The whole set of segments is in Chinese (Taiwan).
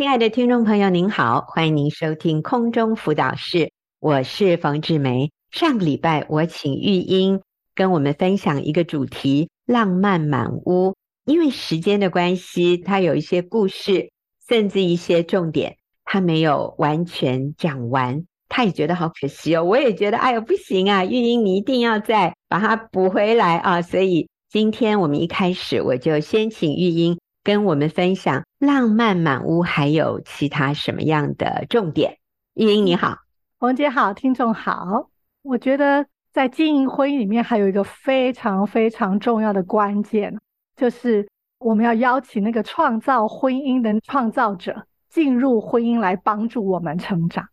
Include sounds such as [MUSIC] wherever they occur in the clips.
親愛的聽眾朋友，您好，歡迎您收聽空中輔導室，我是馮志梅。上個禮拜我請玉瑛跟我們分享一個主題——浪漫滿屋，因為時間的關係，她有一些故事，甚至一些重點，她沒有完全講完，她也覺得好可惜哦。我也覺得，哎呦，不行啊，玉瑛，你一定要再把它補回來啊。所以今天我們一開始，我就先請玉瑛。跟我們分享浪漫滿屋還有其他什麼樣的重點？玉瑛你好。王姐好，聽眾好。我覺得在經營婚姻裡面，還有一個非常非常重要的關鍵，就是我們要邀請那個創造婚姻的創造者進入婚姻來幫助我們成長。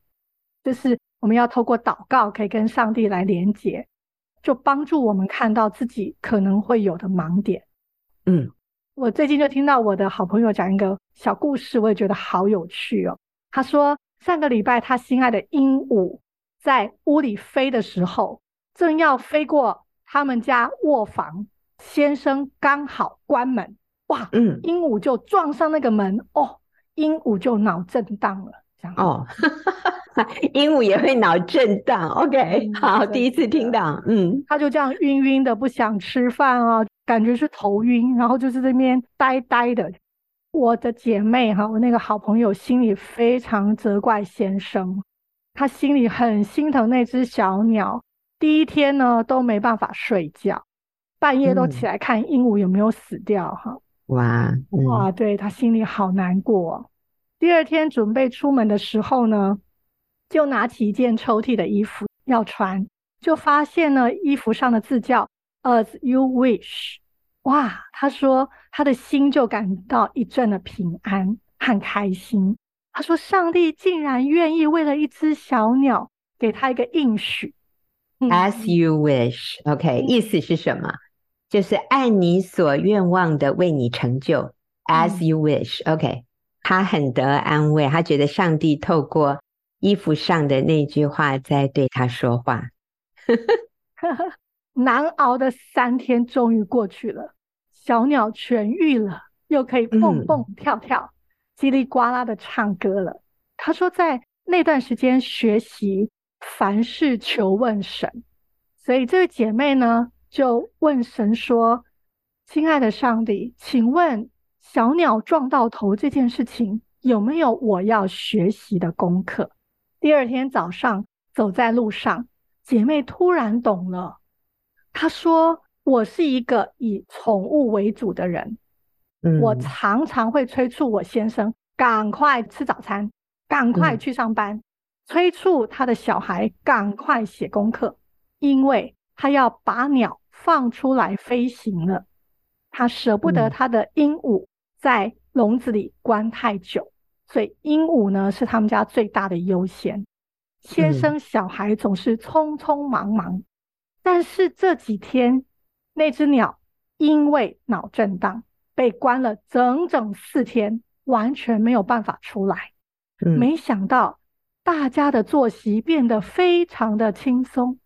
就是我們要透過禱告可以跟上帝來連接，就幫助我們看到自己可能會有的盲點。嗯。我最近就聽到我的好朋友講一個小故事，我也覺得好有趣哦。他說，上個禮拜他心愛的鸚鵡在屋裡飛的時候，正要飛過他們家臥房，先生剛好關門，哇，嗯，鸚鵡就撞上那個門，哦，鸚鵡就腦震盪了。哦，哈哈哈，鸚鵡也會腦震盪。OK，、嗯、好，第一次聽到，嗯，他就這樣暈暈的，不想吃飯哦、啊，感覺是頭暈，然後就是這邊呆呆的。我的姐妹哈、啊，我那個好朋友心裡非常責怪先生，他心裡很心疼那隻小鳥。第一天呢都沒辦法睡覺，半夜都起來看鸚鵡有沒有死掉、啊。哈、嗯，哇、嗯、哇，對，他心裡好難過。第二天準備出門的時候呢，就拿起一件抽屜的衣服要穿，就發現了衣服上的字叫 “as you wish”，哇！他說他的心就感到一陣的平安，很開心。他說上帝竟然願意為了一隻小鳥給他一個應許。嗯。“as you wish” okay。嗯。OK，意思是什麼？就是按你所願望的為你成就，“as you wish”。OK。他很得安慰，他覺得上帝透過衣服上的那句話在對他說話。 [LAUGHS] [LAUGHS] 難熬的三天終於過去了，小鳥痊癒了，又可以蹦蹦跳跳、嗯、嘰里呱啦地唱歌了。他說，在那段時間學習凡事求問神，所以這位姐妹呢就問神說：“親愛的上帝，請問。”小鳥撞到頭這件事情有沒有我要學習的功課？第二天早上走在路上，姐妹突然懂了。她說：“我是一個以寵物為主的人，嗯、我常常會催促我先生趕快吃早餐，趕快去上班，嗯、催促他的小孩趕快寫功課，因為他要把鳥放出來飛行了，他舍不得他的鸚鵡。嗯”在籠子裡關太久，所以鸚鵡呢是他們家最大的優先。先生小孩總是匆匆忙忙，嗯、但是這幾天那只鳥因為腦震盪被關了整整四天，完全沒有辦法出來。嗯、沒想到大家的作息變得非常的輕鬆，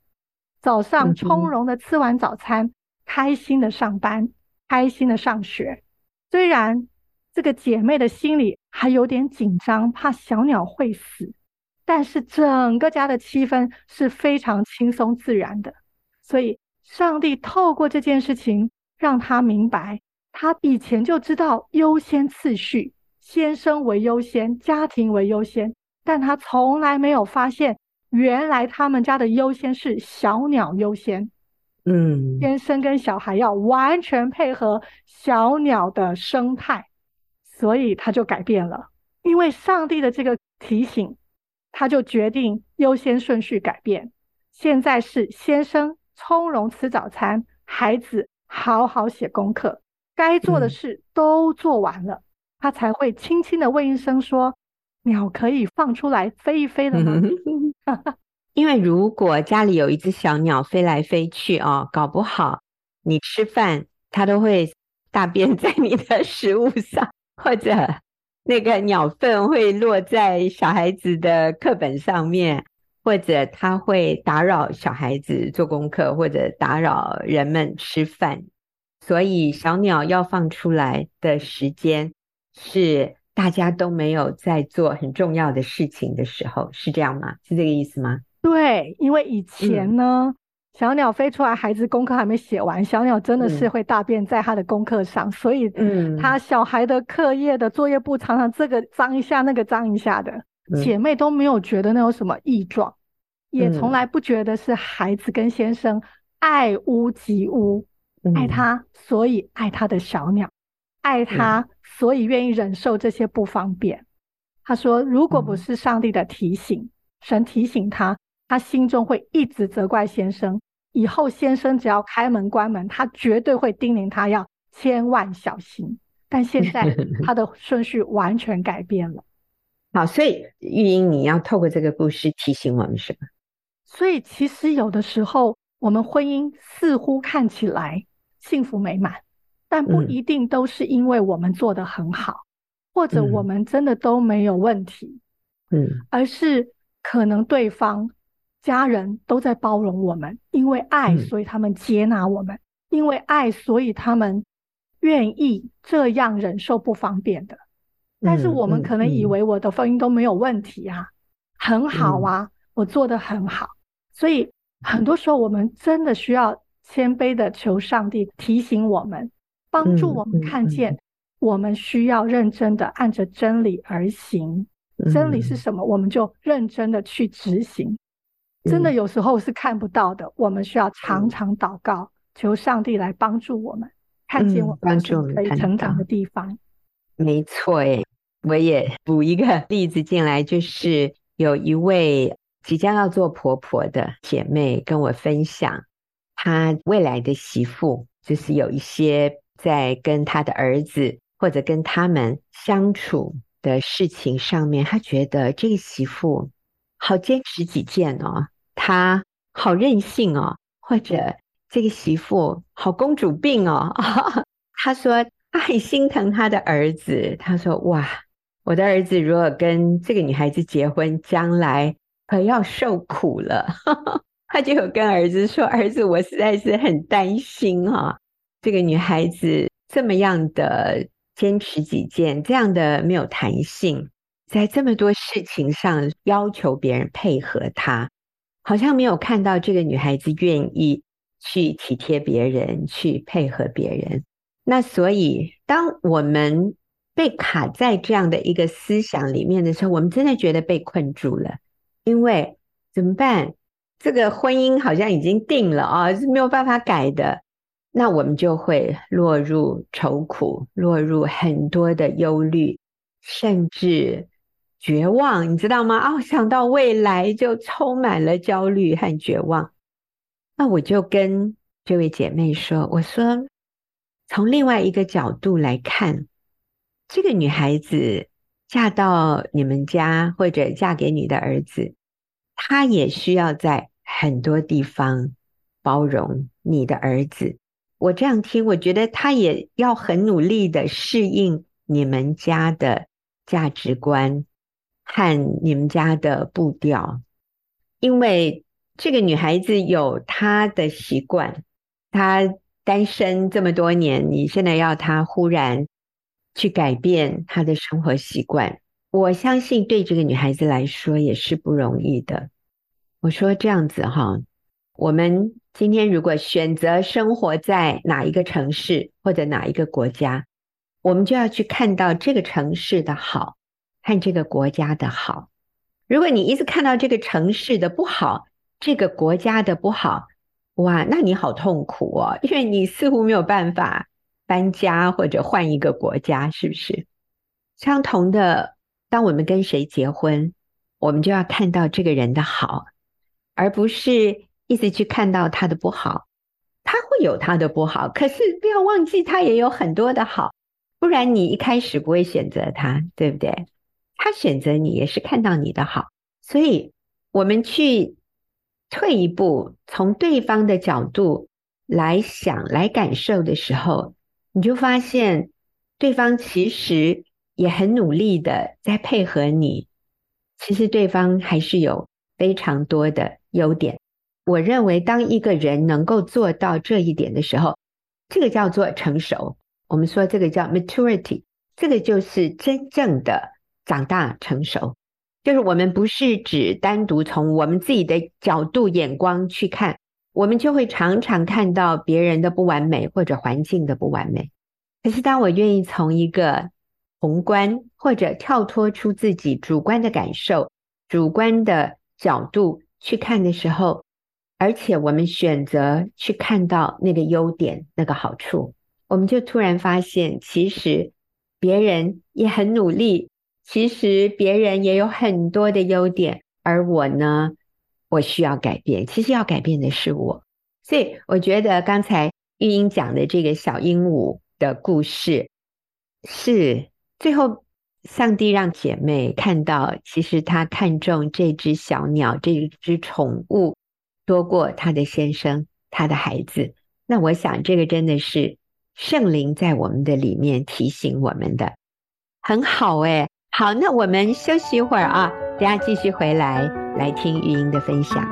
早上從容的吃完早餐，嗯，開心的上班，開心的上學。雖然這個姐妹的心裡還有點緊張，怕小鳥會死，但是整個家的氣氛是非常輕鬆自然的。所以，上帝透過這件事情，讓她明白，她以前就知道優先次序，先生為優先，家庭為優先，但她從來沒有發現，原來他們家的優先是小鳥優先。嗯，先生跟小孩要完全配合小鳥的生態，所以他就改變了。因為上帝的這個提醒，他就決定優先順序改變。現在是先生從容吃早餐，孩子好好寫功課，該做的事都做完了，嗯、他才會輕輕的問一聲說：“鳥可以放出來飛一飛了嗎？” [LAUGHS] 因為如果家裡有一隻小鳥飛來飛去哦，搞不好你吃飯它都會大便在你的食物上，或者那個鳥糞會落在小孩子的課本上面，或者它會打擾小孩子做功課，或者打擾人們吃飯。所以小鳥要放出來的時間是大家都沒有在做很重要的事情的時候，是這樣嗎？是這個意思嗎？對，因為以前呢、嗯，小鳥飛出來，孩子功課還沒寫完，小鳥真的是會大便在他的功課上，嗯、所以他小孩的課業的、嗯、作業簿常常這個髒一下，那個髒一下的、嗯，姐妹都沒有覺得那有什麼異狀，嗯、也從來不覺得是孩子跟先生愛屋及烏、嗯，愛他所以愛他的小鳥，愛他、嗯、所以願意忍受這些不方便。他說，如果不是上帝的提醒，嗯、神提醒他。他心中會一直責怪先生，以後先生只要開門關門，他絕對會叮嚀他要千萬小心。但現在他的順序完全改變了。 [LAUGHS] 好，所以玉瑛，你要透過這個故事提醒我們什麼？所以其實有的時候，我們婚姻似乎看起來幸福美滿，但不一定都是因為我們做得很好，嗯、或者我們真的都沒有問題。嗯，而是可能對方。家人都在包容我們，因為愛，所以他們接納我們、嗯；因為愛，所以他們願意這樣忍受不方便的。但是我們可能以為我的婚姻都沒有問題啊，嗯嗯、很好啊，嗯、我做得很好。所以很多時候，我們真的需要謙卑的求上帝提醒我們，幫助我們看見，我們需要認真的按着真理而行、嗯嗯。真理是什麼？我們就認真的去執行。真的有時候是看不到的，嗯、我們需要常常禱告，嗯、求上帝來幫助我們看見我們可以成長的地方。嗯、沒錯耶，我也補一個例子進來，就是有一位即將要做婆婆的姐妹跟我分享，她未來的媳婦就是有一些在跟她的兒子或者跟他們相處的事情上面，她覺得這個媳婦。好堅持己見哦，他好任性哦，或者這個媳婦好公主病哦。呵呵，他說他很心疼他的兒子，他說哇，我的兒子如果跟這個女孩子結婚，將來可要受苦了。呵呵，他就有跟兒子說：“兒子，我實在是很擔心啊、哦，這個女孩子這麼樣的堅持己見，這樣的沒有彈性。”在這麼多事情上要求別人配合他，好像沒有看到這個女孩子願意去體貼別人、去配合別人。那所以，當我們被卡在這樣的一個思想裡面的時候，我們真的覺得被困住了。因為怎麼辦？這個婚姻好像已經定了啊，哦，是沒有辦法改的。那我們就會落入愁苦，落入很多的憂慮，甚至絕望，你知道嗎？哦、啊，想到未來就充滿了焦慮和絕望。那我就跟這位姐妹說：“我說，從另外一個角度來看，這個女孩子嫁到你們家，或者嫁給你的兒子，她也需要在很多地方包容你的兒子。我這樣聽，我覺得她也要很努力的適應你們家的價值觀。”看你們家的步調，因為這個女孩子有她的習慣，她單身這麼多年，你現在要她忽然去改變她的生活習慣，我相信對這個女孩子來說也是不容易的。我說這樣子哈，我們今天如果選擇生活在哪一個城市或者哪一個國家，我們就要去看到這個城市的好。看這個國家的好，如果你一直看到這個城市的不好，這個國家的不好，哇，那你好痛苦哦！因為你似乎沒有辦法搬家或者換一個國家，是不是？相同的，當我們跟誰結婚，我們就要看到這個人的好，而不是一直去看到他的不好。他會有他的不好，可是不要忘記，他也有很多的好，不然你一開始不會選擇他，對不對？他選擇你也是看到你的好，所以我們去退一步，從對方的角度來想，來感受的時候，你就發現對方其實也很努力的在配合你。其實對方還是有非常多的優點。我認為，當一個人能夠做到這一點的時候，這個叫做成熟。我們說這個叫 maturity，這個就是真正的。長大成熟，就是我們不是只單獨從我們自己的角度眼光去看，我們就會常常看到別人的不完美或者環境的不完美。可是當我願意從一個宏觀或者跳脫出自己主觀的感受、主觀的角度去看的時候，而且我們選擇去看到那個優點、那個好處，我們就突然發現，其實別人也很努力。其實別人也有很多的優點，而我呢，我需要改變。其實要改變的是我，所以我覺得剛才玉瑛講的這個小鸚鵡的故事，是最後上帝讓姐妹看到，其實她看中這隻小鳥、這隻寵物多過她的先生、她的孩子。那我想，這個真的是聖靈在我們的裡面提醒我們的，很好誒、欸好，那我們休息一會兒啊，等下繼續回來，來聽玉瑛的分享。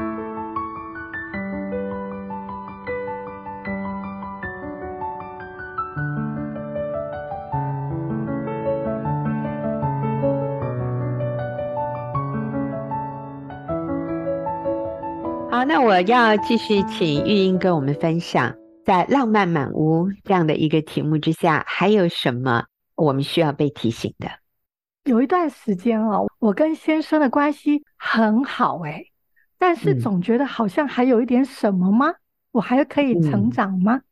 好，那我要繼續請玉瑛跟我們分享，在浪漫滿屋這樣的一個題目之下，還有什麼我們需要被提醒的？有一段時間哦，我跟先生的關係很好哎、欸，但是總覺得好像還有一點什麼嗎？嗯、我還可以成長嗎？嗯、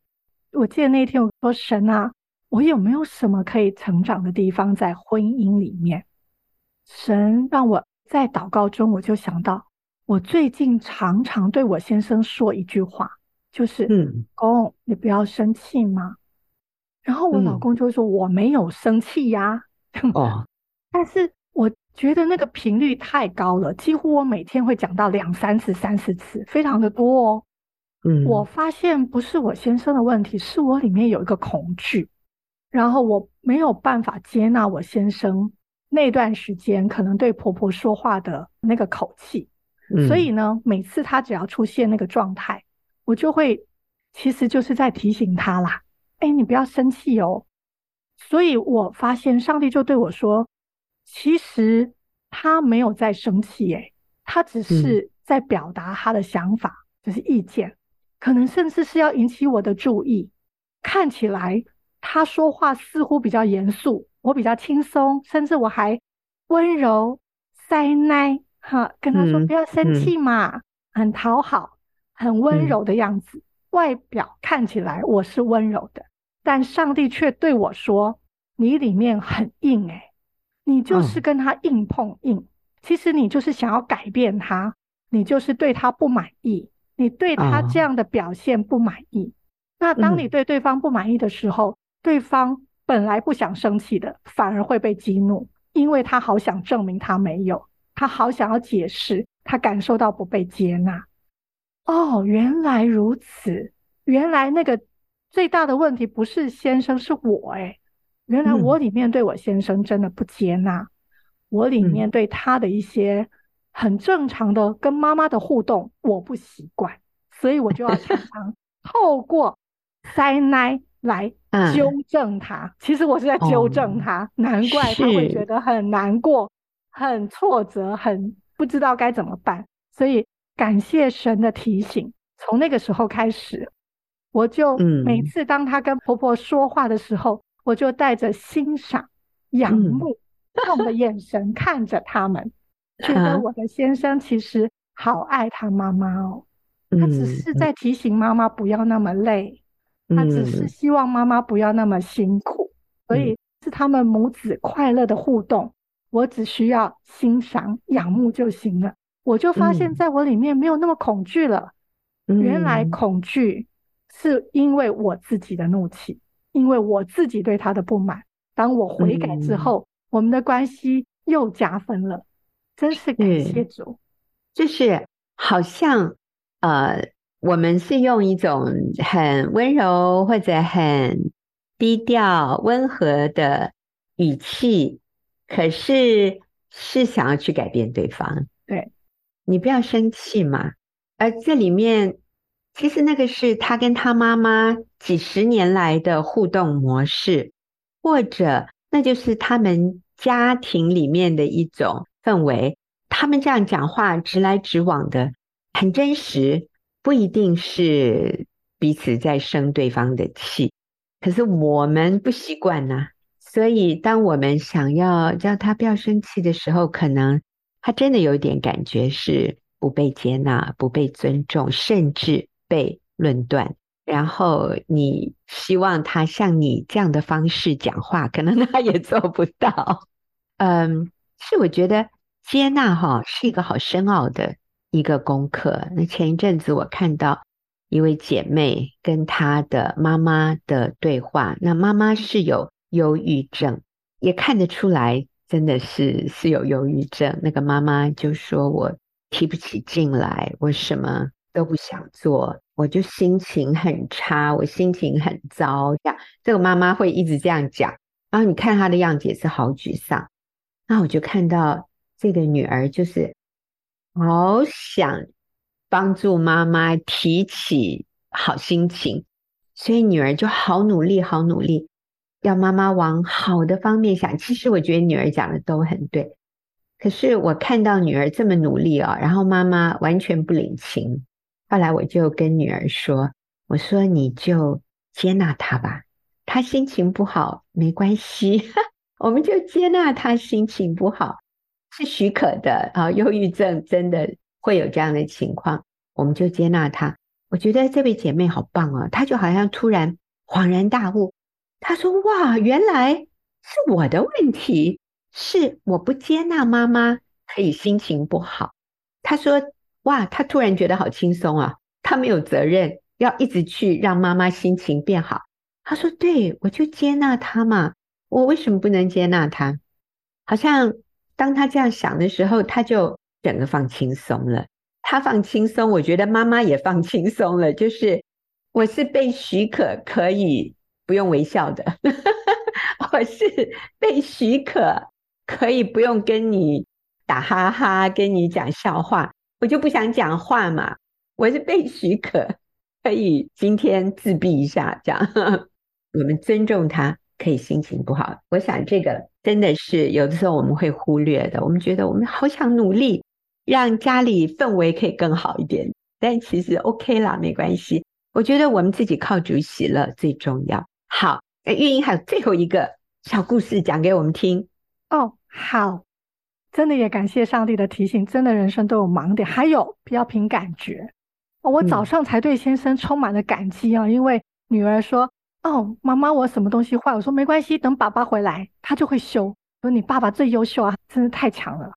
我記得那天我說神啊，我有沒有什麼可以成長的地方在婚姻裡面？神讓我在禱告中，我就想到我最近常常對我先生說一句話，就是“老、嗯、公，你不要生氣嘛。”然後我老公就說：“嗯、我沒有生氣呀。”哦。但是我覺得那個頻率太高了，幾乎我每天會講到兩三次、三四次，非常的多哦。嗯，我發現不是我先生的問題，是我裡面有一個恐懼，然後我沒有辦法接納我先生那段時間可能對婆婆說話的那個口氣，嗯、所以呢，每次他只要出現那個狀態，我就會其實就是在提醒他啦，哎，你不要生氣哦。所以我發現上帝就對我說。其實他沒有在生氣。誒，他只是在表達他的想法、嗯，就是意見，可能甚至是要引起我的注意。看起來他說話似乎比較嚴肅，我比較輕鬆，甚至我還溫柔塞奶哈，跟他說不要生氣嘛、嗯嗯，很討好，很溫柔的樣子、嗯。外表看起來我是溫柔的，但上帝卻對我說：“你裡面很硬，誒你就是跟他硬碰硬，嗯，其實你就是想要改變他，你就是對他不滿意，你對他這樣的表現不滿意，嗯。那當你對對方不滿意的時候，對方本來不想生氣的，反而會被激怒，因為他好想證明他沒有，他好想要解釋，他感受到不被接納。哦，原來如此，原來那個最大的問題不是先生，是我誒。原來我裡面對我先生真的不接納，嗯，我裡面對他的一些很正常的跟媽媽的互動我不習慣，嗯，所以我就要常常透過塞奶來糾正他，嗯。其實我是在糾正他，嗯，難怪他會覺得很難過，很挫折，很不知道該怎麼辦。所以感謝神的提醒，從那個時候開始，我就每次當他跟婆婆說話的時候。嗯我就帶着欣賞仰慕、嗯、痛的眼神看着他們，覺得我的先生其實好愛他媽媽哦，他只是在提醒媽媽不要那麼累，嗯、他只是希望媽媽不要那麼辛苦，嗯、所以是他們母子快樂的互動。嗯、我只需要欣賞、仰慕就行了。我就發現，在我裡面沒有那麼恐懼了、嗯。原來恐懼是因為我自己的怒氣。因為我自己對他的不滿，當我悔改之後，嗯，我們的關係又加分了，真是感謝主。就是好像呃，我們是用一種很溫柔或者很低調、溫和的語氣，可是是想要去改變對方。對，你不要生氣嘛。而這裡面。其實那個是他跟他媽媽幾十年來的互動模式，或者那就是他們家庭裡面的一種氛圍。他們這樣講話直來直往的，很真實，不一定是彼此在生對方的氣。可是我們不習慣吶、啊，所以當我們想要叫他不要生氣的時候，可能他真的有點感覺是不被接納、不被尊重，甚至。被論斷，然後你希望他像你這樣的方式講話，可能他也做不到。嗯，是，我覺得接納哈、哦、是一個好深奧的一個功課。那前一陣子我看到一位姐妹跟她的媽媽的對話，那媽媽是有憂鬱症，也看得出來真的是是有憂鬱症。那個媽媽就說：“我提不起勁來，我什麼。”都不想做，我就心情很差，我心情很糟。這樣，這個媽媽會一直這樣講，然後你看她的樣子也是好沮喪。那我就看到這個女兒就是好想幫助媽媽提起好心情，所以女兒就好努力，好努力，要媽媽往好的方面想。其實我覺得女兒講的都很對，可是我看到女兒這麼努力啊、哦，然後媽媽完全不領情。後來我就跟女兒說：“我說你就接納她吧，她心情不好沒關係，我們就接納她。心情不好是許可的啊。憂鬱症真的會有這樣的情況，我們就接納她。我覺得這位姐妹好棒啊，她就好像突然恍然大悟。她說：‘哇，原來是我的問題，是我不接納媽媽可以心情不好。’她說。”哇，他突然覺得好輕鬆啊！他沒有責任要一直去讓媽媽心情變好。他說：“對，我就接納他嘛，我為什麼不能接納他？”好像當他這樣想的時候，他就整個放輕鬆了。他放輕鬆，我覺得媽媽也放輕鬆了。就是我是被許可可以不用微笑的， [LAUGHS] 我是被許可可以不用跟你打哈哈，跟你講笑話。我就不想講話嘛，我是被許可可以今天自閉一下，這樣 [LAUGHS] 我們尊重他，可以心情不好。我想這個真的是有的時候我們會忽略的，我們覺得我們好想努力讓家裡氛圍可以更好一點，但其實 OK 啦，沒關係。我覺得我們自己靠主喜樂最重要。好，那玉瑛還有最後一個小故事講給我們聽哦，好。真的也感謝上帝的提醒，真的人生都有盲點，還有不要憑感覺、哦。我早上才對先生充滿了感激啊，嗯、因為女兒說：“哦，媽媽，我什麼東西壞？”我說：“沒關係，等爸爸回來，他就會修。”說：“你爸爸最優秀啊，真的太強了。”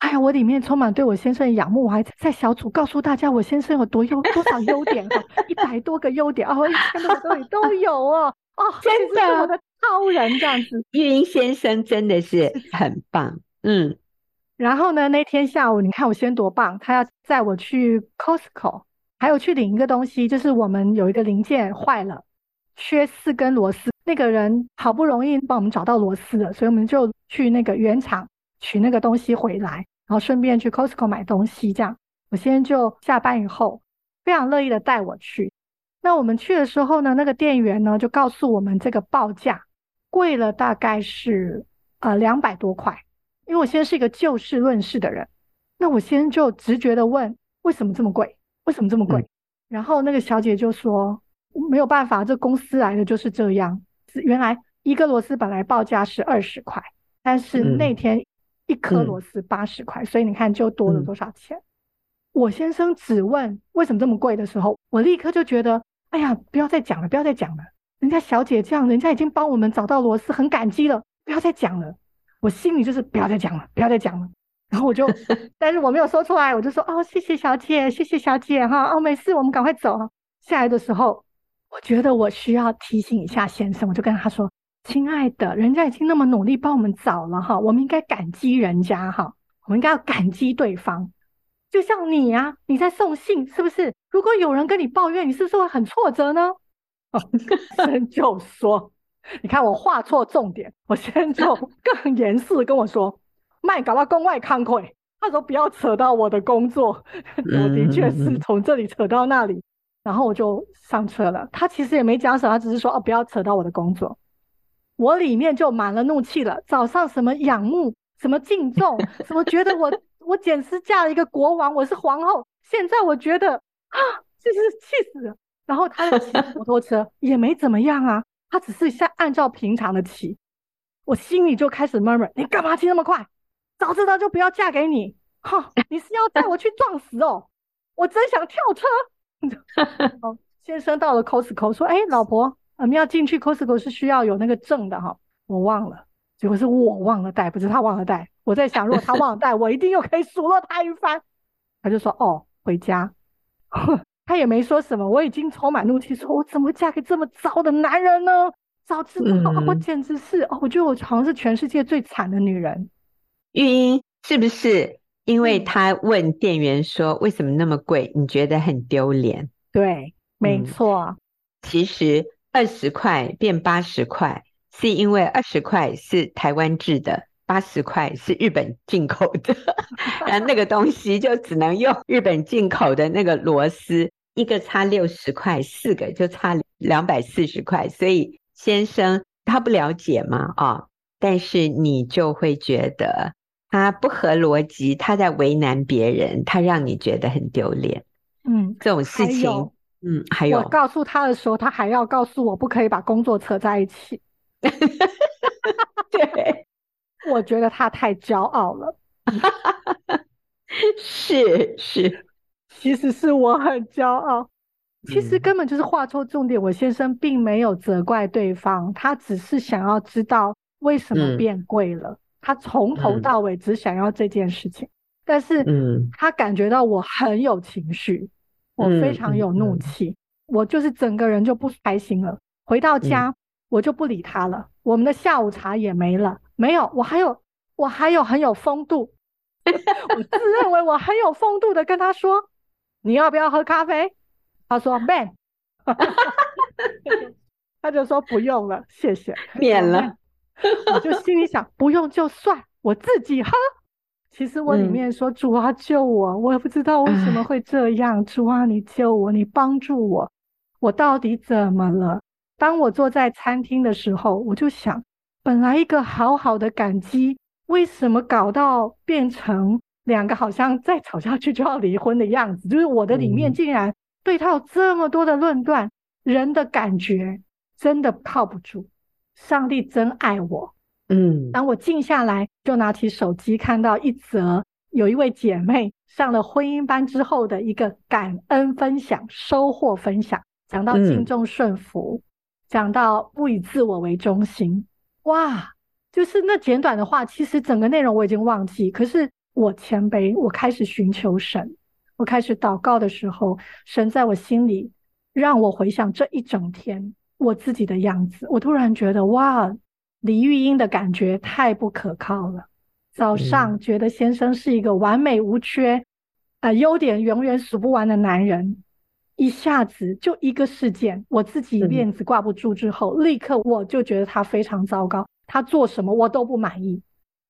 哎呀，我裡面充滿對我先生的仰慕。我還在小組告訴大家，我先生有多優， [LAUGHS] 多少優點、啊，一百多個優點哦，一千多個優點都有哦、啊。 [LAUGHS] 哦，真的，我的超人這樣子，玉瑛先生真的是很棒， [LAUGHS] 嗯。然後呢，那天下午你看我先多棒，他要載我去 Costco，還有去領一個東西，就是我們有一個零件壞了，缺四根螺絲。那個人好不容易幫我們找到螺絲了，所以我們就去那個原廠取那個東西回來，然後順便去 Costco 買東西這樣。我先就下班以後非常樂意的帶我去。那我們去的時候呢，那個店員呢就告訴我們這個報價貴了，大概是呃兩百多塊。因為我先生是一個就事論事的人，那我先生就直覺的問：為什麼這麼貴？為什麼這麼貴，嗯？然後那個小姐就說：沒有辦法，這公司來的就是這樣。原來一個螺絲本來報價是二十塊，但是那天一顆螺絲八十塊，嗯，所以你看就多了多少錢，嗯。我先生只問為什麼這麼貴的時候，我立刻就覺得：哎呀，不要再講了，不要再講了。人家小姐這樣，人家已經幫我們找到螺絲，很感激了，不要再講了。我心裡就是不要再講了，不要再講了。然後我就，但是我沒有說出來，我就說哦，謝謝小姐，謝謝小姐哈，哦，沒事，我們趕快走。下來的時候，我覺得我需要提醒一下先生，我就跟他說，親愛的，人家已經那麼努力幫我們找了哈，我們應該感激人家哈，我們應該要感激對方，就像你啊，你在送信是不是？如果有人跟你抱怨，你是不是會很挫折呢？先生就說。你看我畫錯重點，我先就更嚴肅跟我說，麥 [LAUGHS] 搞到宮外開會，他說不要扯到我的工作， [LAUGHS] 我的確是從這裡扯到那裡，然後我就上車了。他其實也沒講什麼，他只是說哦、啊、不要扯到我的工作，我裡面就滿了怒氣了。早上什麼仰慕，什麼敬重， [LAUGHS] 什麼覺得我我簡直嫁了一個國王，我是皇後。現在我覺得啊，就是氣死了。然後他騎摩托車 [LAUGHS] 也沒怎麼樣啊。他只是在按照平常的騎，我心裡就開始 murmur：你幹嘛騎那麼快？早知道就不要嫁給你，哈、哦！你是要帶我去撞死哦？我真想跳車。 [LAUGHS] [LAUGHS] 先生到了 Costco 說：“哎、欸，老婆，我們要進去 Costco 是需要有那個證的哈、哦，我忘了。”結果是我忘了帶，不是他忘了帶。我在想，如果他忘了帶， [LAUGHS] 我一定又可以數落他一番。他就說：“哦，回家。 [LAUGHS] ”他也沒說什麼，我已經充滿怒氣，說，我怎麼嫁給這麼糟的男人呢？早知道、嗯、我簡直是哦，我覺得我好像是全世界最慘的女人。玉瑛是不是？因為他問店員說，為什麼那麼貴？你覺得很丟臉？對，沒錯。嗯、其實二十塊變八十塊，是因為二十塊是台灣製的，八十塊是日本進口的， [LAUGHS] 然後那個東西就只能用日本進口的那個螺絲。一個差六十塊，四個就差兩百四十塊，所以先生他不了解嘛啊、哦，但是你就會覺得他不合邏輯，他在為難別人，他讓你覺得很丟臉。嗯，這種事情，嗯，還有，我告訴他的時候，他還要告訴我不可以把工作扯在一起。 [LAUGHS] 對，我覺得他太驕傲了。 [LAUGHS] 是，是。其實是我很驕傲，其實根本就是畫錯重點、嗯。我先生並沒有責怪對方，他只是想要知道為什麼變貴了。嗯、他從頭到尾只想要這件事情，嗯、但是他感覺到我很有情緒，嗯、我非常有怒氣、嗯嗯，我就是整個人就不開心了。回到家、嗯，我就不理他了。我們的下午茶也沒了，沒有，我還有，我還有很有風度， [LAUGHS] 我自認為我很有風度的跟他說。你要不要喝咖啡？他說：“沒 [LAUGHS] Man。 [LAUGHS] ”他就說：“不用了，謝謝，免了。”我就心裡想：“ [LAUGHS] 不用就算，我自己喝。”其實我裡面說：“主啊，救我、嗯！我也不知道為什麼會這樣。嗯、主啊，你救我，你幫助我，我到底怎麼了？”當我坐在餐廳的時候，我就想：本來一個好好的感激，為什麼搞到變成？兩個好像再吵下去就要離婚的樣子，就是我的裡面竟然對他有這麼多的論斷，嗯、人的感覺真的靠不住。上帝真愛我，嗯。當我靜下來，就拿起手機看到一則，有一位姐妹上了婚姻班之後的一個感恩分享收穫分享，講到敬重順服、嗯，講到不以自我為中心。哇，就是那簡短的話，其實整個內容我已經忘記，可是。我謙卑，我開始尋求神，我開始禱告的時候，神在我心裡讓我回想這一整天我自己的樣子。我突然覺得，哇，李玉瑛的感覺太不可靠了。早上覺得先生是一個完美無缺，嗯、呃優點永遠數不完的男人，一下子就一個事件，我自己面子掛不住之後、嗯，立刻我就覺得他非常糟糕，他做什麼我都不滿意，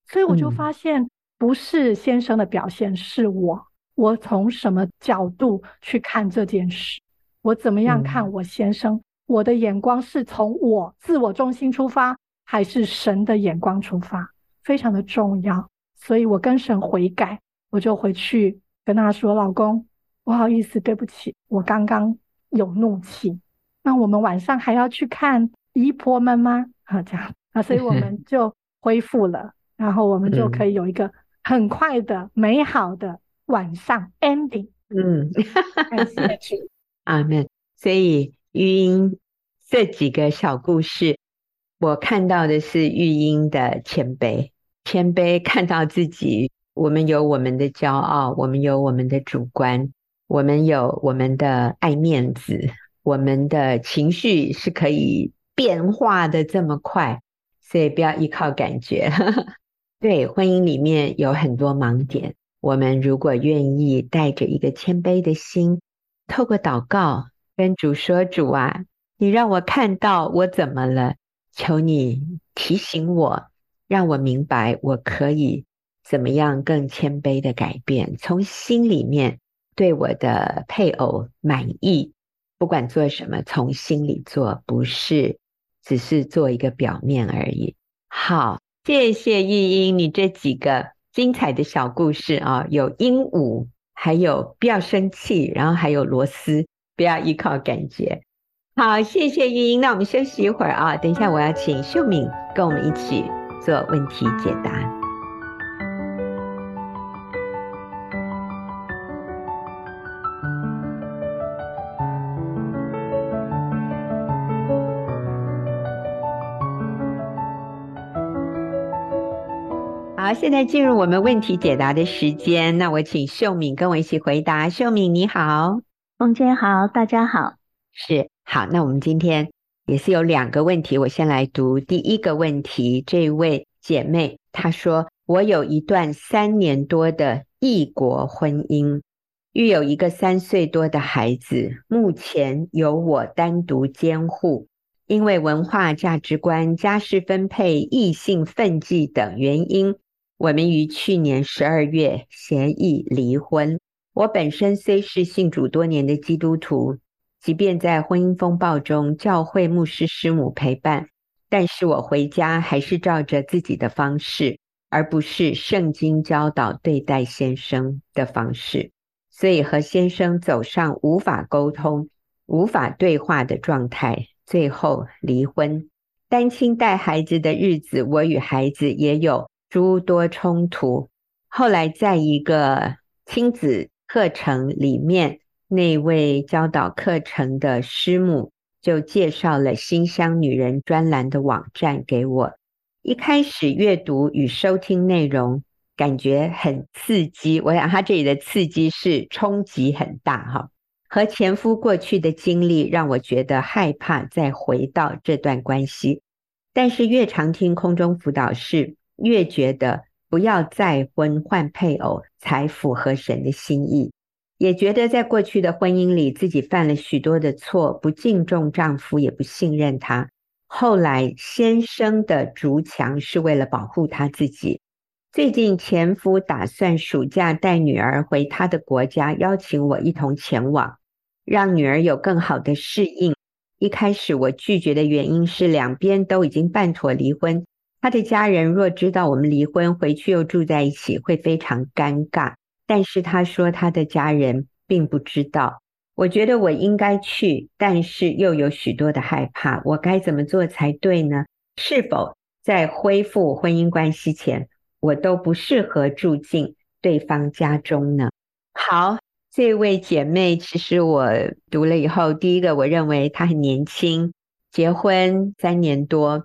所以我就發現。嗯不是先生的表現，是我。我從什麼角度去看這件事？我怎麼樣看我先生？我的眼光是從我自我中心出發，還是神的眼光出發？非常的重要。所以我跟神悔改，我就回去跟他說：“ [LAUGHS] 老公，不好意思，對不起，我剛剛有怒氣。那我們晚上還要去看姨婆們嗎？”啊，這樣啊，所以我們就恢復了， [LAUGHS] 然後我們就可以有一個。很快的，美好的晚上 ending。嗯，謝謝。阿門。所以玉瑛這幾個小故事，我看到的是玉瑛的謙卑，謙卑看到自己。我們有我們的驕傲，我們有我們的主觀，我們有我們的愛面子。我們的情緒是可以變化的這麼快，所以不要依靠感覺。 [LAUGHS] 對，婚姻裡面有很多盲點，我們如果願意帶着一個謙卑的心，透過禱告跟主說：“主啊，你讓我看到我怎麼了？求你提醒我，讓我明白我可以怎麼樣更謙卑的改變，從心裡面對我的配偶滿意。不管做什麼，從心裡做，不是只是做一個表面而已。”好。謝謝玉瑛，你這幾個精彩的小故事啊，有鸚鵡，還有不要生氣，然後還有螺絲，不要依靠感覺。好，謝謝玉瑛，那我們休息一會兒啊，等一下我要請秀敏跟我們一起做問題解答。好，現在進入我們問題解答的時間。那我請秀敏跟我一起回答。秀敏，你好，馮姐好，大家好，是好。那我們今天也是有兩個問題，我先來讀第一個問題。這位姐妹她說：“我有一段三年多的異國婚姻，育有一個三歲多的孩子，目前由我單獨監護。因為文化價值觀、家事分配、異性分歧等原因。”我們於去年十二月協議離婚。我本身雖是信主多年的基督徒，即便在婚姻風暴中，教會牧師師母陪伴，但是我回家還是照着自己的方式，而不是聖經教導對待先生的方式，所以和先生走上無法溝通、無法對話的狀態，最後離婚。單親帶孩子的日子，我與孩子也有。諸多衝突，後來在一個親子課程裡面，那位教導課程的師母就介紹了馨香女人專欄的網站給我。一開始閱讀與收聽內容，感覺很刺激。我想她這裡的刺激是衝擊很大哈，和前夫過去的經歷讓我覺得害怕，再回到這段關係。但是越常聽空中輔導室，越覺得不要再婚換配偶才符合神的心意，也覺得在過去的婚姻裡自己犯了許多的錯，不敬重丈夫，也不信任他。後來先生的築牆是為了保護他自己。最近前夫打算暑假帶女兒回他的國家，邀請我一同前往，讓女兒有更好的適應。一開始我拒絕的原因是兩邊都已經辦妥離婚。他的家人若知道我們離婚，回去又住在一起，會非常尷尬。但是他說他的家人並不知道。我覺得我應該去，但是又有許多的害怕。我該怎麼做才對呢？是否在恢復婚姻關係前，我都不適合住進對方家中呢？好，這位姐妹，其實我讀了以後，第一個我認為她很年輕，結婚三年多。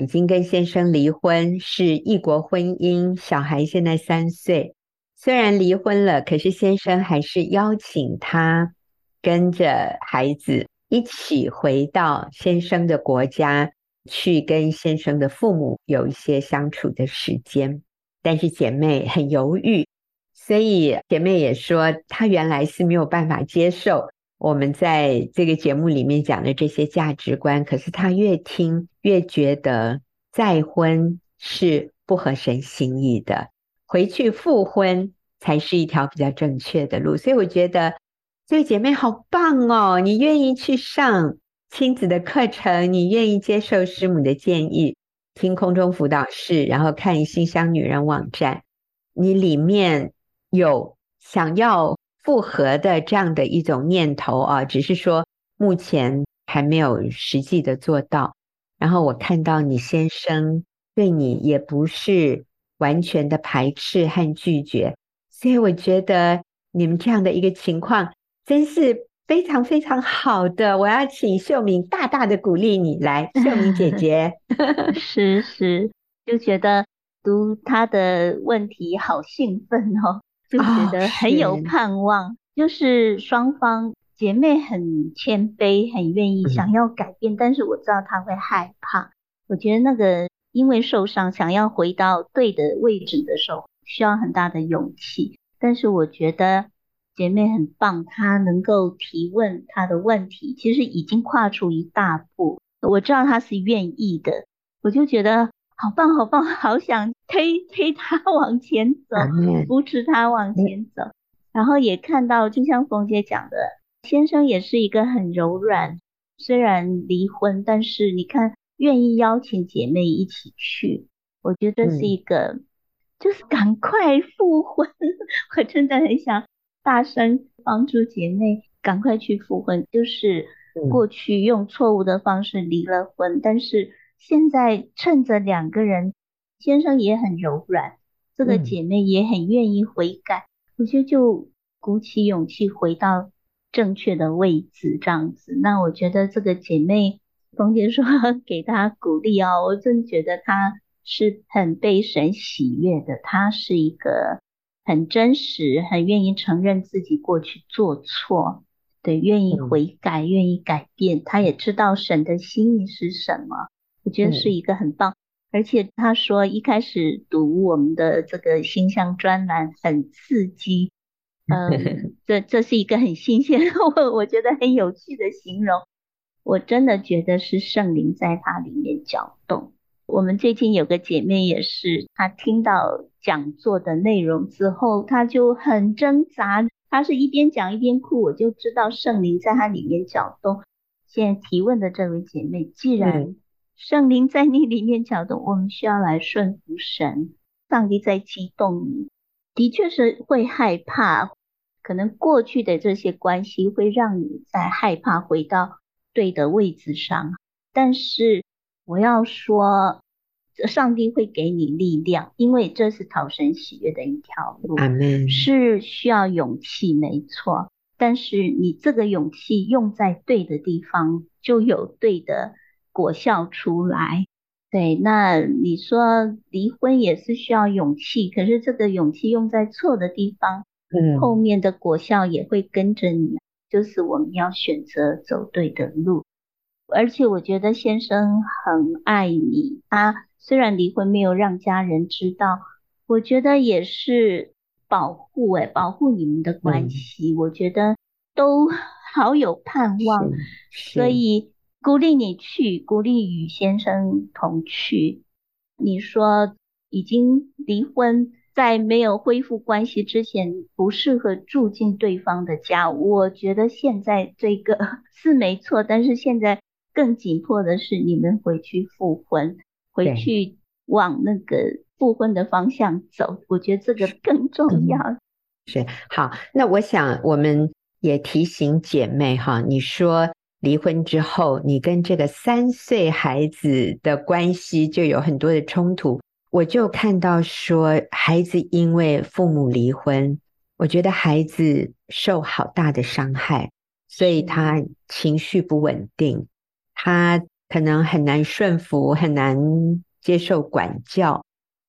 已經跟先生離婚，是異國婚姻，小孩現在三歲。雖然離婚了，可是先生還是邀請她跟着孩子一起回到先生的國家，去跟先生的父母有一些相處的時間。但是姐妹很猶豫，所以姐妹也說她原來是沒有辦法接受。我們在這個節目裡面講的這些價值觀，可是他越聽越覺得再婚是不合神心意的，回去復婚才是一條比較正確的路。所以我覺得這姐妹好棒哦，你願意去上親子的課程，你願意接受師母的建議，聽空中輔導室，然後看馨香女人網站，你裡面有想要。復合的這樣的一種念頭啊，只是說目前還沒有實際的做到。然後我看到你先生對你也不是完全的排斥和拒絕，所以我覺得你們這樣的一個情況真是非常非常好的。我要請秀敏大大的鼓勵你來，秀敏姐姐， [LAUGHS] 是是，就覺得讀他的問題好興奮哦。就覺得很有盼望，哦，就是雙方姐妹很謙卑，很願意想要改變，但是我知道她會害怕。我覺得那個因為受傷，想要回到對的位置的時候，需要很大的勇氣。但是我覺得姐妹很棒，她能夠提問她的問題，其實已經跨出一大步。我知道她是願意的，我就覺得。好棒，好棒，好想推推他往前走，啊，扶持他往前走。嗯嗯。然後也看到，就像馮姐講的，先生也是一個很柔軟，雖然離婚，但是你看願意邀請姐妹一起去，我覺得這是一個，嗯，就是趕快復婚。 [LAUGHS] 我真的很想大聲幫助姐妹趕快去復婚，就是過去用錯誤的方式離了婚，嗯，但是。現在趁着兩個人，先生也很柔軟，這個姐妹也很願意悔改，嗯、我覺得就鼓起勇氣回到正確的位置這樣子。那我覺得這個姐妹，馮姐說給她鼓勵啊，我真覺得她是很被神喜悅的。她是一個很真實，很願意承認自己過去做錯，對，願意悔改，願意改變、嗯。她也知道神的心意是什麼。我覺得是一個很棒，嗯，而且他說一開始讀我們的這個馨香專欄很刺激，呃、嗯、這這是一個很新鮮，我我覺得很有趣的形容。我真的覺得是聖靈在她裡面攪動。我們最近有個姐妹也是，她聽到講座的內容之後，她就很掙扎，她是一邊講一邊哭，我就知道聖靈在她裡面攪動。現在提問的這位姐妹，既然，嗯。聖靈在你裡面攪動，我們需要來順服神。上帝在激動你，的確是會害怕，可能過去的這些關係會讓你在害怕回到對的位置上。但是我要說，上帝會給你力量，因為這是討神喜悅的一條路，Amen. 是需要勇氣，沒錯。但是你這個勇氣用在對的地方，就有對的。果效出來，對，那你說離婚也是需要勇氣，可是這個勇氣用在錯的地方，嗯，後面的果效也會跟着你，就是我們要選擇走對的路。而且我覺得先生很愛你，他，啊，雖然離婚沒有讓家人知道，我覺得也是保護，欸，哎，保護你們的關係，嗯，我覺得都好有盼望，所以。鼓勵你去，鼓勵與先生同去。你說已經離婚，在沒有恢復關係之前，不適合住進對方的家。我覺得現在這個是沒錯，但是現在更緊迫的是你們回去復婚，回去往那個復婚的方向走。我覺得這個更重要。是、嗯、是、好，那我想我們也提醒姐妹哈，你說。離婚之後，你跟這個三歲孩子的關係就有很多的衝突。我就看到說，孩子因為父母離婚，我覺得孩子受好大的傷害，所以他情緒不穩定，他可能很難順服，很難接受管教。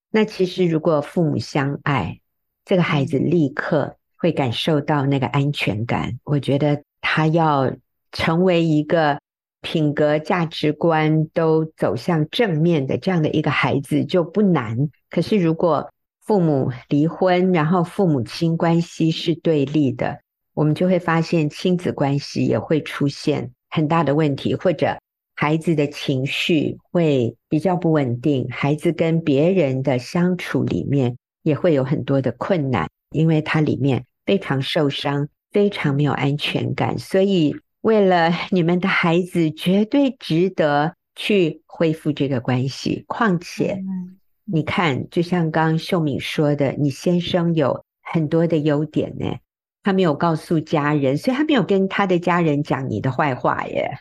那其實如果父母相愛，這個孩子立刻會感受到那個安全感。我覺得他要。成為一個品格、價值觀都走向正面的這樣的一個孩子就不難。可是，如果父母離婚，然後父母親關係是對立的，我們就會發現親子關係也會出現很大的問題，或者孩子的情緒會比較不穩定，孩子跟別人的相處裡面也會有很多的困難，因為他裡面非常受傷，非常沒有安全感，所以。為了你們的孩子，絕對值得去恢復這個關係。況且，你看，就像剛秀敏說的，你先生有很多的優點呢。他沒有告訴家人，所以他沒有跟他的家人講你的壞話耶。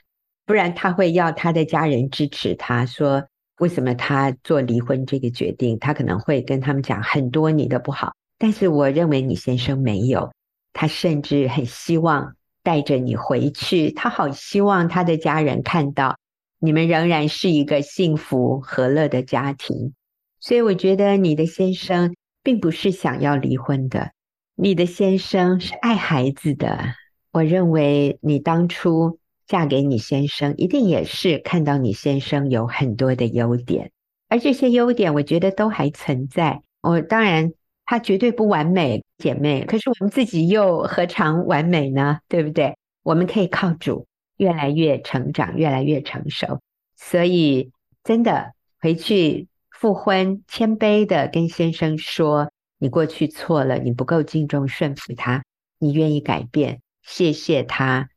不然他會要他的家人支持他，說為什麼他做離婚這個決定。他可能會跟他們講很多你的不好。但是我認為你先生沒有，他甚至很希望。帶着你回去，他好希望他的家人看到你們仍然是一個幸福和樂的家庭。所以我覺得你的先生並不是想要離婚的，你的先生是愛孩子的。我認為你當初嫁給你先生，一定也是看到你先生有很多的優點，而這些優點我覺得都還存在，哦。我當然他絕對不完美。姐妹，可是我們自己又何嘗完美呢？對不對？我們可以靠主，越來越成長，越來越成熟。所以，真的回去復婚，謙卑的跟先生說：“你過去錯了，你不夠敬重順服他，你願意改變。謝謝他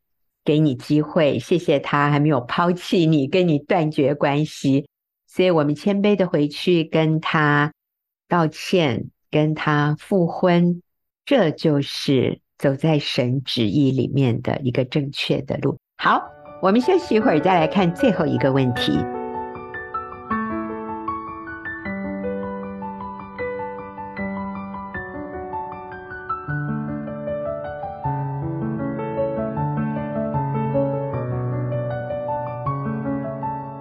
給你機會，謝謝他還沒有拋棄你，跟你斷絕關係。”所以，我們謙卑的回去跟他道歉，跟他復婚。這就是走在神旨意裡面的一個正確的路。好，我們休息一會兒，再來看最後一個問題。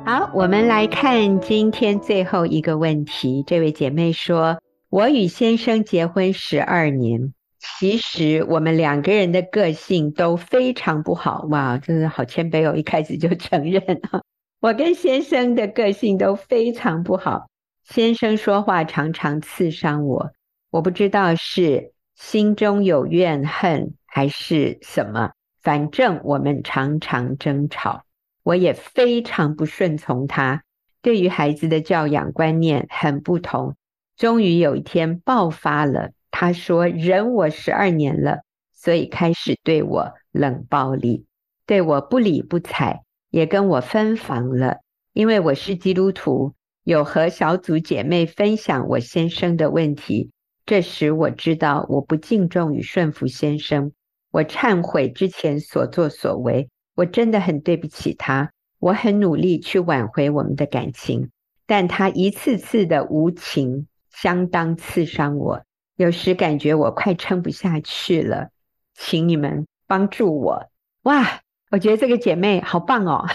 好，我們來看今天最後一個問題。這位姐妹說。我與先生結婚十二年，其實我們兩個人的個性都非常不好。哇，真的好謙卑哦。一開始就承認了，我跟先生的個性都非常不好。先生說話常常刺傷我，我不知道是心中有怨恨，還是什麼，反正我們常常爭吵。我也非常不順從他，對於孩子的教養觀念很不同。終於有一天爆發了。他說：“忍我十二年了，所以開始對我冷暴力，對我不理不睬，也跟我分房了。因為我是基督徒，有和小組姐妹分享我先生的問題。這時我知道我不敬重與順服先生，我懺悔之前所作所為。我真的很對不起他，我很努力去挽回我們的感情，但他一次次的無情。”相當刺傷我。有時感覺我快撐不下去了，請你們幫助我。哇，我覺得這個姐妹好棒哦，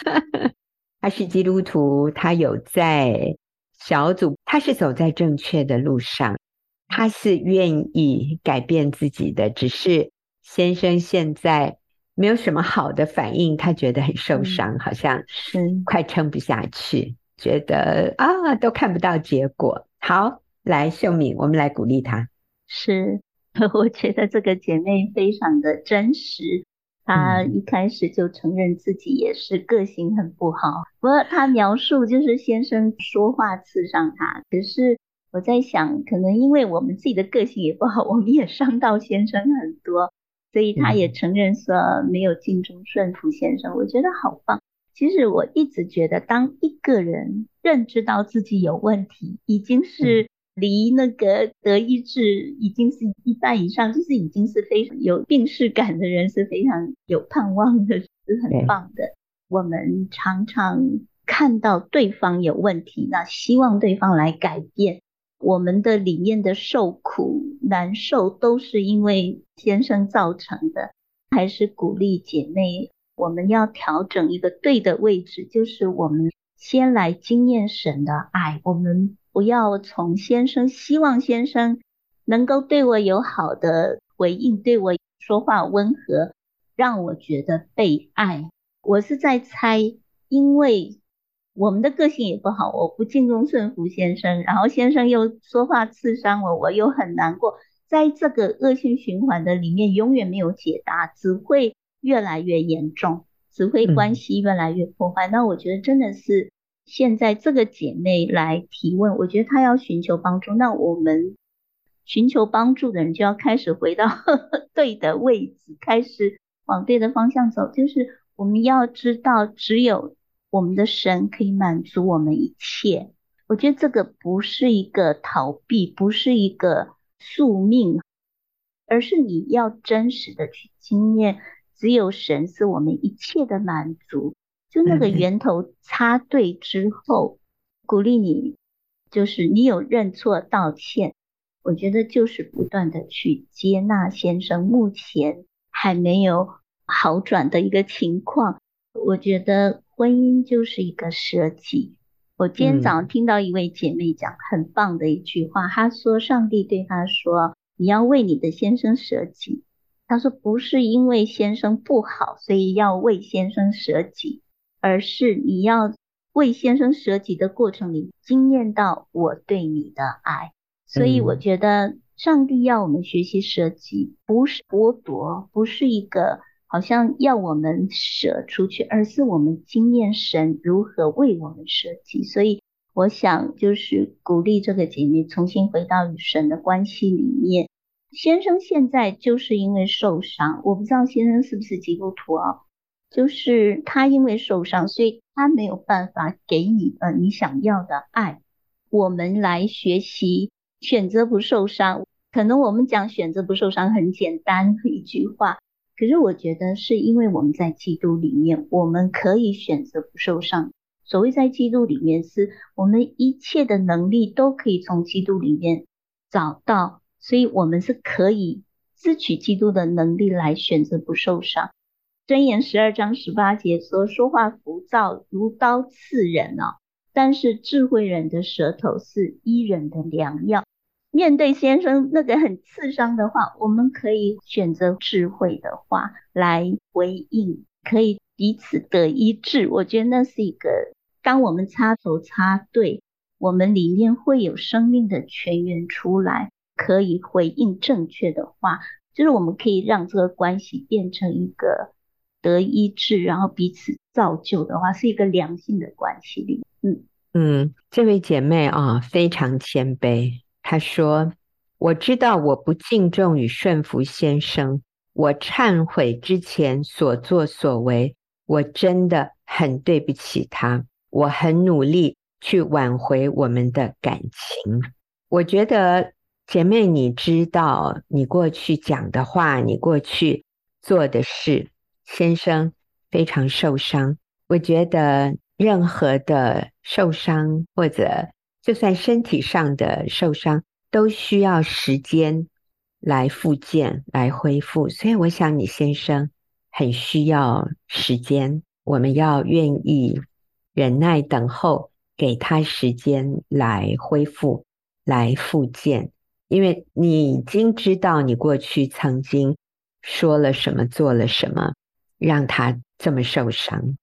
[LAUGHS] 她是基督徒，她有在小組，她是走在正確的路上，她是願意改變自己的。只是先生現在沒有什麼好的反應，他覺得很受傷，嗯、好像是快撐不下去，覺得啊都看不到結果。好。來，秀敏，我們來鼓勵她。是，我覺得這個姐妹非常的真實。她一開始就承認自己也是個性很不好、嗯。不過她描述就是先生說話刺傷她。可是我在想，可能因為我們自己的個性也不好，我們也傷到先生很多。所以她也承認說沒有盡忠順服先生、嗯。我覺得好棒。其實我一直覺得，當一個人認知到自己有問題，已經是、嗯。離那個得醫治已經是一半以上，就是已經是非常有病識感的人，是非常有盼望的，是很棒的。嗯、我們常常看到對方有問題，那希望對方來改變。我們的裡面的受苦難受都是因為先生造成的，還是鼓勵姐妹，我們要調整一個對的位置，就是我們先來經驗神的愛，我們。不要從先生，希望先生能夠對我有好的回應，對我說話溫和，讓我覺得被愛。我是在猜，因為我們的個性也不好，我不敬重順服先生，然後先生又說話刺傷我，我又很難過。在這個惡性循環的裡面，永遠沒有解答，只會越來越嚴重，只會關係越來越破壞。嗯。那我覺得真的是。現在這個姐妹來提問，我覺得她要尋求幫助。那我們尋求幫助的人就要開始回到對的位置，開始往對的方向走。就是我們要知道，只有我們的神可以滿足我們一切。我覺得這個不是一個逃避，不是一個宿命，而是你要真實的去經驗，只有神是我們一切的滿足。就 [LAUGHS] 那個源頭插對之後，鼓勵你，就是你有認錯道歉，我覺得就是不斷地去接納先生目前還沒有好轉的一個情況。我覺得婚姻就是一個舍己。我今天早上聽到一位姐妹講很棒的一句話，嗯，她說：“上帝對她說，你要為你的先生舍己。”她說：“不是因為先生不好，所以要為先生舍己。”而是你要為先生捨己的過程裡，經驗到我對你的愛。所以我覺得上帝要我們學習捨己，不是剝奪，不是一個好像要我們捨出去，而是我們經驗神如何為我們捨己。所以我想就是鼓勵這個姐妹重新回到與神的關係裡面。先生現在就是因為受傷，我不知道先生是不是基督徒啊？就是他因為受傷，所以他沒有辦法給你呃你想要的愛。我們來學習選擇不受傷。可能我們講選擇不受傷很簡單的一句話，可是我覺得是因為我們在基督裡面，我們可以選擇不受傷。所謂在基督裡面，是我們一切的能力都可以從基督裡面找到，所以我們是可以汲取基督的能力來選擇不受傷。箴言十二章十八節說：“說話浮躁如刀刺人哦，但是智慧人的舌頭是醫人的良藥。面對先生那個很刺傷的話，我們可以選擇智慧的話來回應，可以彼此得醫治。我覺得那是一個，當我們插頭插對，我們裡面會有生命的泉源出來，可以回應正確的話，就是我們可以讓這個關係變成一個。”得醫治，然後彼此造就的話，是一個良性的關係裡。嗯嗯，這位姐妹啊、哦，非常謙卑。她說：“我知道我不敬重與順服先生，我懺悔之前所作所為，我真的很對不起他。我很努力去挽回我們的感情。我覺得姐妹，你知道你過去講的話，你過去做的事。”先生非常受傷，我覺得任何的受傷或者就算身體上的受傷，都需要時間來復健、來恢復。所以，我想你先生很需要時間，我們要願意忍耐等候，給他時間來恢復、來復健。因為你已經知道你過去曾經說了什麼、做了什麼。讓他這麼受傷，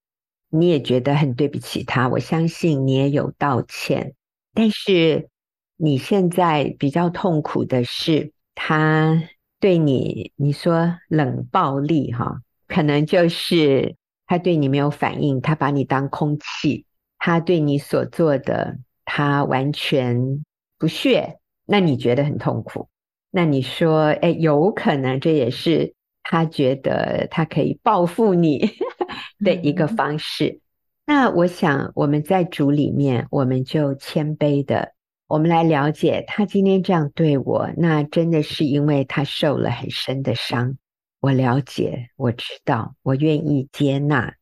你也覺得很對不起他。我相信你也有道歉，但是你現在比較痛苦的是，他對你，你說冷暴力哈，可能就是他對你沒有反應，他把你當空氣，他對你所做的，他完全不屑。那你覺得很痛苦？那你說，誒，有可能這也是。他覺得他可以報復你的， [LAUGHS] 的一個方式。那我想我們在主裡面，我們就謙卑的，我們來了解他今天這樣對我，那真的是因為他受了很深的傷。我了解，我知道，我願意接納，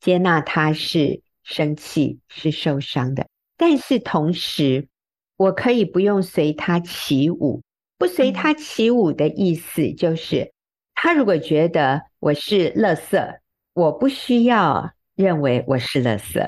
接納他是生氣，是受傷的，但是同時，我可以不用隨他起舞。不隨他起舞的意思就是。他如果覺得我是垃圾，我不需要認為我是垃圾。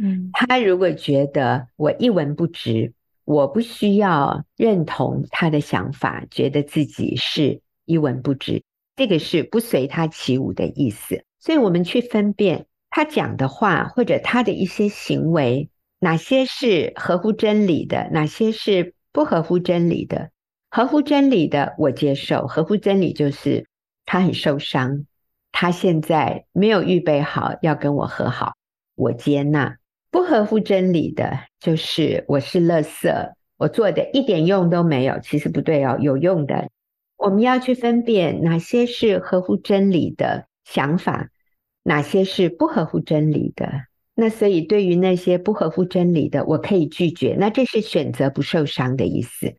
嗯，他如果覺得我一文不值，我不需要認同他的想法，覺得自己是一文不值。這個是不隨他起舞的意思。所以，我們去分辨他講的話或者他的一些行為，哪些是合乎真理的，哪些是不合乎真理的。合乎真理的，我接受。合乎真理就是。他很受傷，他現在沒有預備好要跟我和好。我接納不合乎真理的，就是我是垃圾，我做的一點用都沒有。其實不對哦，有用的。我們要去分辨哪些是合乎真理的想法，哪些是不合乎真理的。那所以對於那些不合乎真理的，我可以拒絕。那這是選擇不受傷的意思。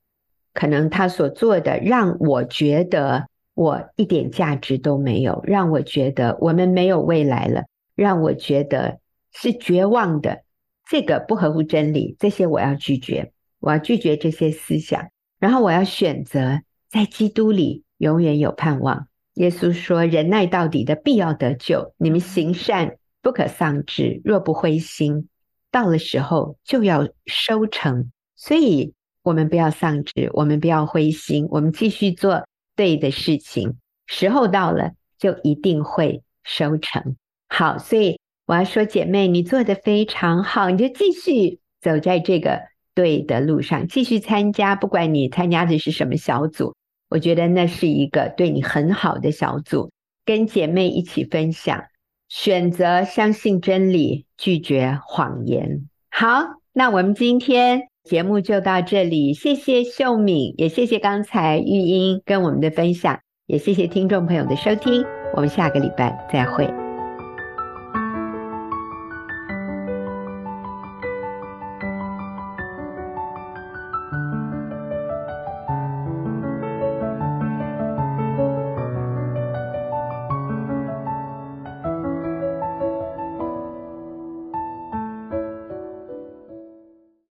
可能他所做的讓我覺得。我一點價值都沒有，讓我覺得我們沒有未來了，讓我覺得是絕望的。這個不合乎真理，這些我要拒絕，我要拒絕這些思想。然後我要選擇在基督裡永遠有盼望。耶穌說：“忍耐到底的必要得救。”你們行善不可喪志，若不灰心，到了時候就要收成。所以，我們不要喪志，我們不要灰心，我們繼續做。對的事情，時候到了就一定會收成好。所以我要說，姐妹，你做得非常好，你就繼續走在這個對的路上，繼續參加，不管你參加的是什麼小組，我覺得那是一個對你很好的小組。跟姐妹一起分享，選擇相信真理，拒絕謊言。好，那我們今天。節目就到這裡，謝謝秀敏，也謝謝剛才玉瑛跟我們的分享，也謝謝聽眾朋友的收聽，我們下個禮拜再會。